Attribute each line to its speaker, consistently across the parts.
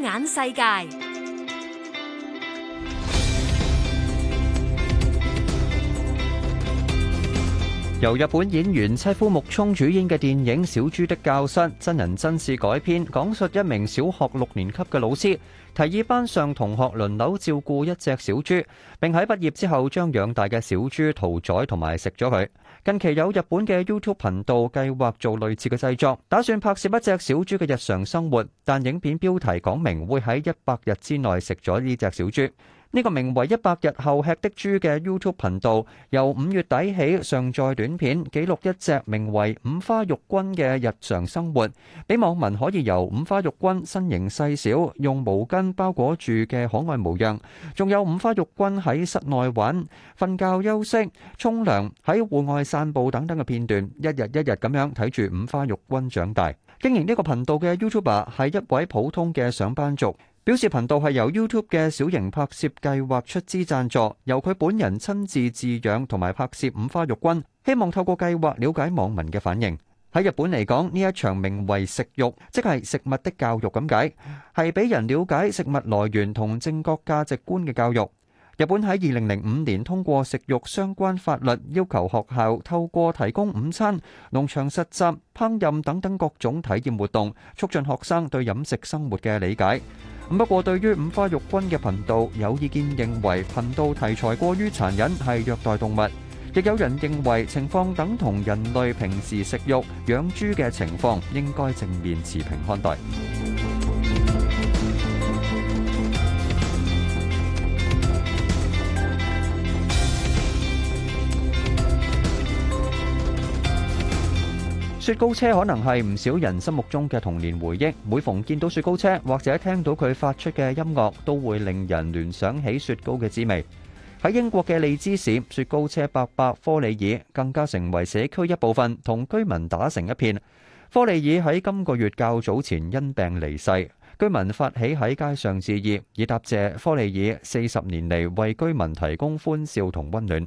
Speaker 1: 眼世界。由日本演員妻夫木聰主演嘅電影小豬的教室，真人真事改編，講述一名小學六年級嘅老師，提議班上同學輪流照顧一隻小豬，並喺畢業之後將養大嘅小豬屠宰同埋食咗佢。近期有日本嘅 YouTube 頻道計劃做類似嘅製作，打算拍攝一隻小豬嘅日常生活，但影片標題講明會喺100日之內食咗呢隻小豬。呢個名為一百日後吃的豬嘅 YouTube 頻道，由五月底起上載短片，記錄一隻名為五花肉君嘅日常生活，俾網民可以由五花肉君身形細小、用毛巾包裹住嘅可愛模樣，仲有五花肉君喺室內玩、瞓覺休息、沖涼、喺戶外散步等等嘅片段，一日一日咁樣睇住五花肉君長大。經營呢個頻道嘅 YouTuber 係一位普通嘅上班族。表示頻道係由 YouTube 嘅小型拍攝計劃出資贊助，由佢本人親自飼養同埋拍攝五花肉君，希望透過計劃了解網民嘅反應。喺日本嚟講，呢一場名為食育，即係食物的教育咁解，係俾人了解食物來源同正確價值觀嘅教育。日本喺二零零五年通過食育相關法律，要求學校透過提供午餐、農場實習、烹飪等等各種體驗活動，促進學生對飲食生活嘅理解。不過，對於五花肉君嘅頻道，有意見認為頻道題材過於殘忍，係虐待動物；亦有人認為情況等同人類平時食肉，養豬嘅情況，應該正面持平看待。雪糕車可能係唔少人心目中嘅童年回憶，每逢見到雪糕車或者聽到佢發出嘅音樂，都會令人聯想起雪糕嘅滋味。喺英國嘅利茲市，雪糕車伯伯科利爾更加成為社區一部分，同居民打成一片。科利爾喺今個月較早前因病離世，居民發起喺街上致意，以答謝科利爾四十年嚟為居民提供歡笑同溫暖。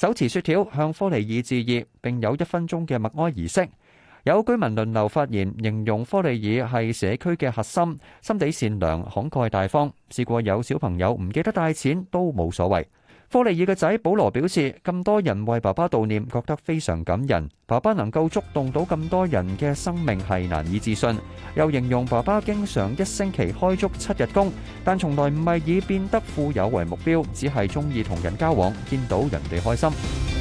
Speaker 1: 手持雪條向科尼爾致意，並有一分鐘嘅默哀儀式。有居民輪流發言，形容科尼爾係社區嘅核心，心地善良、慷慨大方。試過有小朋友唔記得帶錢，都冇所謂。科利爾嘅仔保羅表示，咁多人為爸爸悼念，覺得非常感人。爸爸能夠觸動到咁多人嘅生命，係難以置信。又形容爸爸經常一星期開足七日工，但從來唔係以變得富有為目標，只係中意同人交往，見到人哋開心。